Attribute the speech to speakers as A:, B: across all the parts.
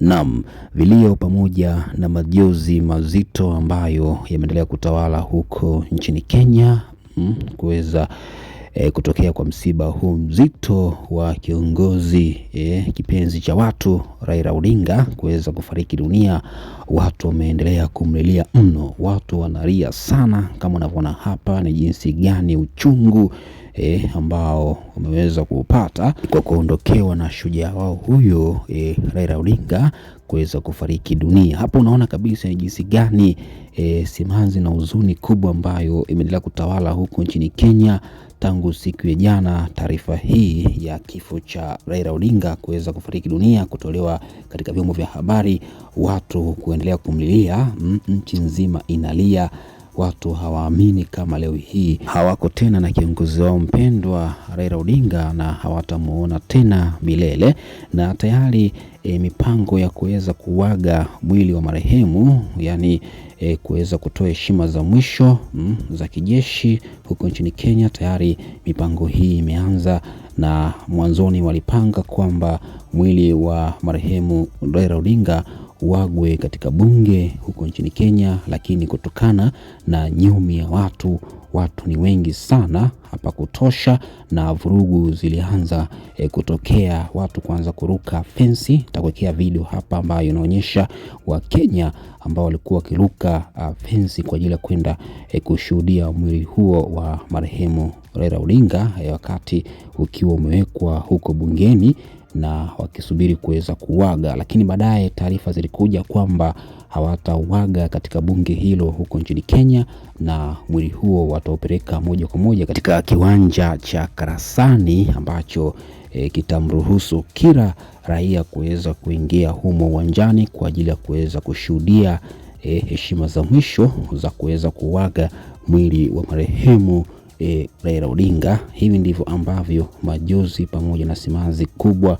A: Naam, vilio pamoja na majozi mazito ambayo yameendelea kutawala huko nchini Kenya mm, kuweza e, kutokea kwa msiba huu mzito wa kiongozi e, kipenzi cha watu Raila Odinga kuweza kufariki dunia. Watu wameendelea kumlilia mno, watu wanalia sana, kama unavyoona hapa ni jinsi gani uchungu e, ambao wameweza kupata kwa kuondokewa na shujaa wao huyo e, Raila Odinga kuweza kufariki dunia. Hapo unaona kabisa ni jinsi gani e, simanzi na huzuni kubwa ambayo imeendelea kutawala huko nchini Kenya tangu siku ya jana, taarifa hii ya kifo cha Raila Odinga kuweza kufariki dunia kutolewa katika vyombo vya habari, watu kuendelea kumlilia, mm, nchi nzima inalia watu hawaamini kama leo hii hawako tena na kiongozi wao mpendwa Raila Odinga na hawatamuona tena milele, na tayari e, mipango ya kuweza kuwaga mwili wa marehemu yani e, kuweza kutoa heshima za mwisho mm, za kijeshi huko nchini Kenya, tayari mipango hii imeanza na mwanzoni walipanga kwamba mwili wa marehemu Raila Odinga Wagwe katika bunge huko nchini Kenya, lakini kutokana na nyumi ya watu, watu ni wengi sana hapa kutosha, na vurugu zilianza e, kutokea, watu kuanza kuruka fensi. Nitakuwekea video hapa ambayo inaonyesha Wakenya ambao walikuwa wakiruka ah, fensi kwa ajili ya kwenda e, kushuhudia mwili huo wa marehemu Raila Odinga eh, wakati ukiwa umewekwa huko bungeni na wakisubiri kuweza kuwaga lakini baadaye taarifa zilikuja kwamba hawatauaga katika bunge hilo huko nchini Kenya, na mwili huo wataupeleka moja kwa moja katika kiwanja cha Karasani ambacho e, kitamruhusu kila raia kuweza kuingia humo uwanjani kwa ajili ya kuweza kushuhudia eh, heshima za mwisho za kuweza kuwaga mwili wa marehemu e, Raila Odinga. Hivi ndivyo ambavyo majozi pamoja na simanzi kubwa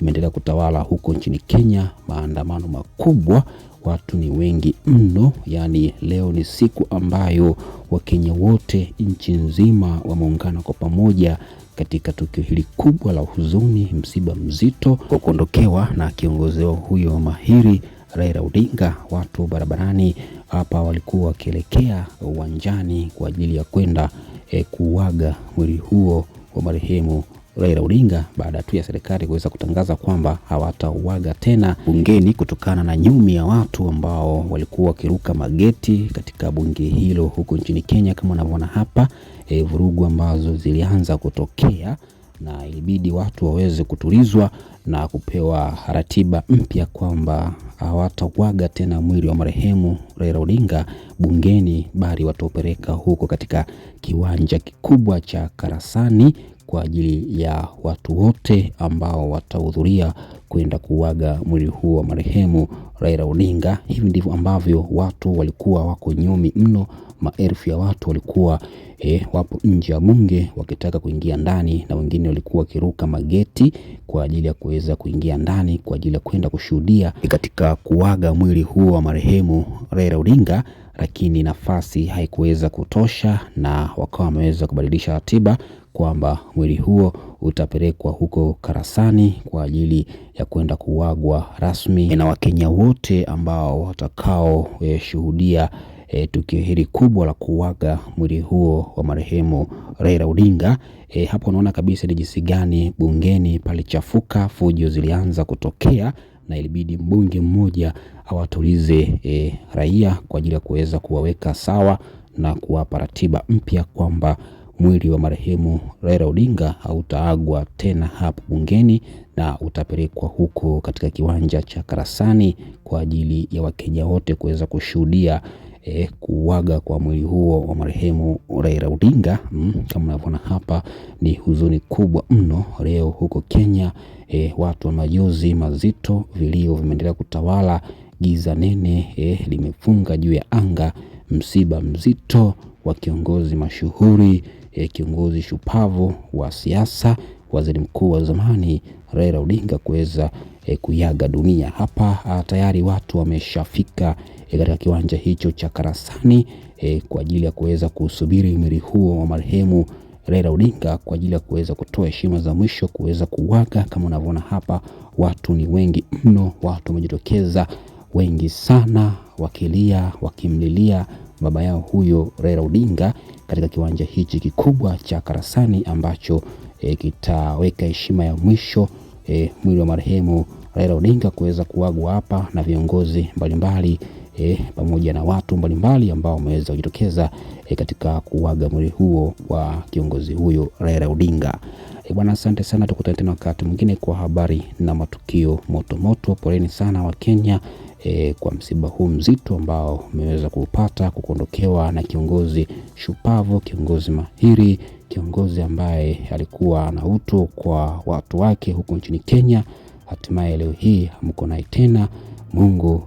A: imeendelea kutawala huko nchini Kenya, maandamano makubwa, watu ni wengi mno. Yaani leo ni siku ambayo Wakenya wote nchi nzima wameungana kwa pamoja katika tukio hili kubwa la huzuni, msiba mzito kwa kuondokewa na kiongozi huyo mahiri Raila Odinga. Watu barabarani hapa walikuwa wakielekea uwanjani kwa ajili ya kwenda e, kuuaga mwili huo wa marehemu Raila Odinga baada tu ya serikali kuweza kutangaza kwamba hawatauaga tena bungeni kutokana na nyumi ya watu ambao walikuwa wakiruka mageti katika bunge hilo huko nchini Kenya. Kama unavyoona hapa e, vurugu ambazo zilianza kutokea na ilibidi watu waweze kutulizwa na kupewa ratiba mpya kwamba hawatakwaga tena mwili wa marehemu Raila Odinga bungeni, bali wataupeleka huko katika kiwanja kikubwa cha Karasani kwa ajili ya watu wote ambao watahudhuria kwenda kuwaga mwili huo wa marehemu Raila Odinga. Hivi ndivyo ambavyo watu walikuwa wako nyumi mno, maelfu ya watu walikuwa eh, wapo nje ya bunge wakitaka kuingia ndani, na wengine walikuwa wakiruka mageti kwa ajili ya kuweza kuingia ndani kwa ajili ya kwenda kushuhudia katika kuaga mwili huo wa marehemu Raila Odinga lakini nafasi haikuweza kutosha na wakawa wameweza kubadilisha ratiba kwamba mwili huo utapelekwa huko Karasani kwa ajili ya kwenda kuagwa rasmi na Wakenya wote ambao watakao shuhudia e, eh, tukio hili kubwa la kuaga mwili huo wa marehemu Raila Odinga. E, hapo unaona kabisa ni jinsi gani bungeni palichafuka, fujo zilianza kutokea na ilibidi mbunge mmoja awatulize e, raia kwa ajili ya kuweza kuwaweka sawa na kuwapa ratiba mpya kwamba mwili wa marehemu Raila Odinga hautaagwa tena hapo bungeni na utapelekwa huko katika kiwanja cha Karasani kwa ajili ya Wakenya wote kuweza kushuhudia e, kuuaga kwa mwili huo wa marehemu Raila Odinga mm, kama unavyoona hapa ni huzuni kubwa mno leo huko Kenya e, watu wa majonzi mazito, vilio vimeendelea kutawala, giza nene e, limefunga juu ya anga, msiba mzito wa kiongozi mashuhuri e, kiongozi shupavu wa siasa, waziri mkuu wa zamani Raila Odinga kuweza e, kuiaga dunia. Hapa a, ah, tayari watu wameshafika e, katika kiwanja hicho cha Karasani e, kwa ajili ya kuweza kusubiri mwili huo wa marehemu Raila Odinga kwa ajili ya kuweza kutoa heshima za mwisho kuweza kuwaga. Kama unavyoona hapa, watu ni wengi mno, watu wamejitokeza wengi sana, wakilia wakimlilia baba yao huyo Raila Odinga katika kiwanja hichi kikubwa cha Karasani ambacho e, kitaweka heshima ya mwisho e, mwili wa marehemu Raila Odinga kuweza kuagwa hapa na viongozi mbalimbali e, pamoja na watu mbalimbali ambao wameweza kujitokeza e, katika kuaga mwili huo wa kiongozi huyo Raila Odinga. E, bwana asante sana, tukutane tena wakati mwingine kwa habari na matukio motomoto. Poleni sana wa Kenya e, kwa msiba huu mzito ambao umeweza kuupata kukondokewa na kiongozi shupavu, kiongozi mahiri, kiongozi ambaye alikuwa na utu kwa watu wake huko nchini Kenya hatimaye leo hii hamko naye tena. Mungu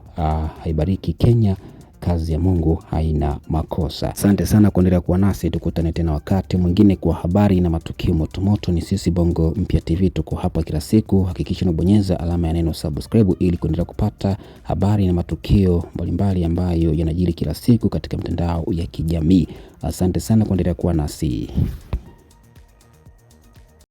A: haibariki ah, Kenya. Kazi ya Mungu haina makosa. Asante sana kuendelea kuwa nasi, tukutane tena wakati mwingine kwa habari na matukio motomoto. Ni sisi Bongo Mpya TV, tuko hapa kila siku. Hakikisha unabonyeza alama ya neno subscribe ili kuendelea kupata habari na matukio mbalimbali ambayo yanajiri kila siku katika mitandao ya kijamii. Asante sana kuendelea kuwa nasi.